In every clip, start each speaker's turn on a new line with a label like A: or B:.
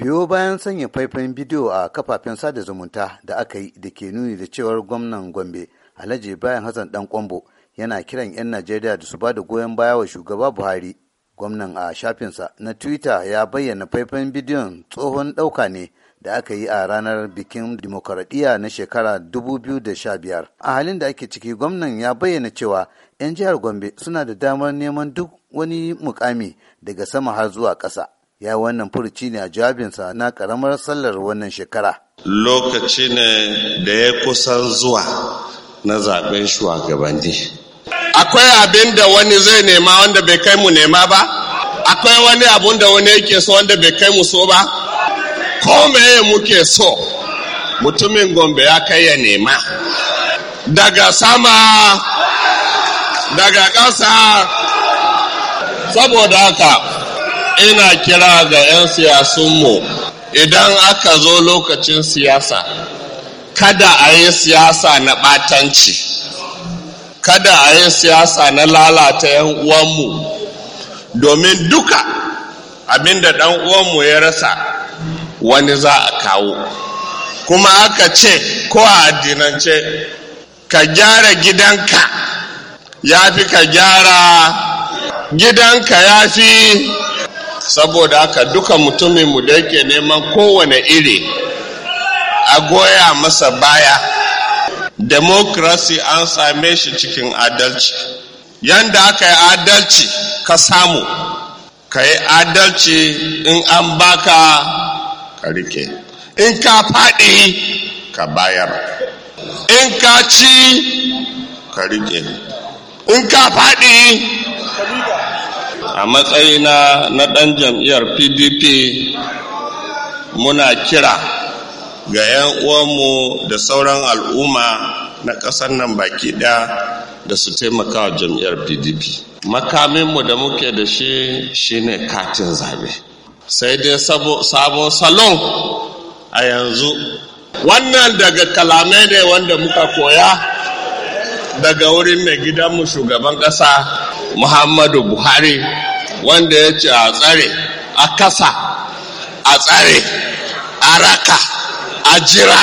A: biyo bayan sanya faifan bidiyo a kafafen sada zumunta da aka yi da ke nuni da cewar gwamnan gombe alhaji bayan hassan dan kwambo yana kiran 'yan najeriya da su ba da goyon baya wa shugaba buhari gwamnan a shafinsa na twitter ya bayyana faifan bidiyon tsohon ɗauka ne da aka yi a ranar bikin dimokuraɗiyya na shekara 2015 a halin da ake ciki gwamnan ya bayyana cewa 'yan jihar gombe suna da damar neman duk wani mukami daga sama har zuwa ƙasa ya wannan furuci ne a jawabinsa na karamar sallar wannan shekara.
B: Lokaci ne da ya kusan zuwa na zaben shugabanni. Akwai abin da wani zai nema wanda bai kai mu nema ba? Akwai wani abun da wani yake so wanda bai kai mu so ba? Ko meye muke so? Mutumin Gombe ya kai ya nema. Daga sama, daga ƙasa, saboda haka. ina kira ga 'yan siyasunmu idan aka zo lokacin siyasa kada a yi siyasa na ɓatanci kada a yi siyasa na lalata 'yan uwanmu domin duka abinda ɗan uwanmu ya rasa wani za a kawo kuma aka ce ko a addinance ka gyara gidanka ya fi ka gyara gidanka ya fi saboda haka duka mutuminmu da yake neman kowane iri a goya masa baya democracy an same shi cikin adalci yanda aka yi adalci ka samu ka yi adalci in an baka ka rike in ka faɗi ka bayar in ka ci ka rike in ka faɗi a matsayina na ɗan jam'iyyar pdp muna kira ga 'yan uwanmu da sauran al'umma na ƙasar nan baki ɗaya da su taimaka wa jam'iyyar pdp makaminmu da muke da shi shine katin zabe sai dai sabon salon a yanzu wannan daga kalamai ne wanda muka koya daga wurin mai gidanmu shugaban ƙasa muhammadu buhari wanda ya ce a tsare a kasa a tsare
A: a raka a jira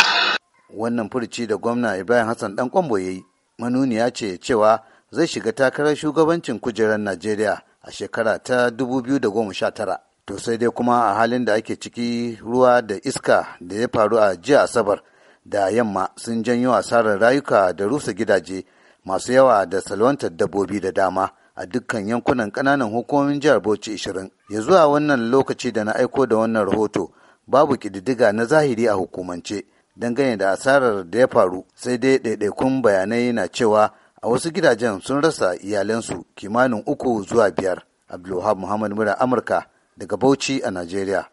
A: wannan furci da gwamna ibrahim hassan dan kwambo ya yi manuniya ce cewa zai shiga takarar shugabancin kujerar najeriya a shekara ta 2019 to sai dai kuma a halin da ake ciki ruwa da iska da ya faru a jiya asabar da yamma sun janyo asarar rayuka da rusa gidaje masu yawa da salwantar dabbobi da dama a dukkan yankunan kananan hukumomin jihar Bauchi 20. Ya zuwa wannan lokaci da na aiko da wannan rahoto babu ƙididdiga na zahiri a hukumance dangane da asarar da ya faru sai dai ɗaiɗaikun bayanai na cewa a wasu gidajen sun rasa iyalansu kimanin uku zuwa biyar. Abdulwahab Muhammad Mura Amurka daga Bauchi a Najeriya.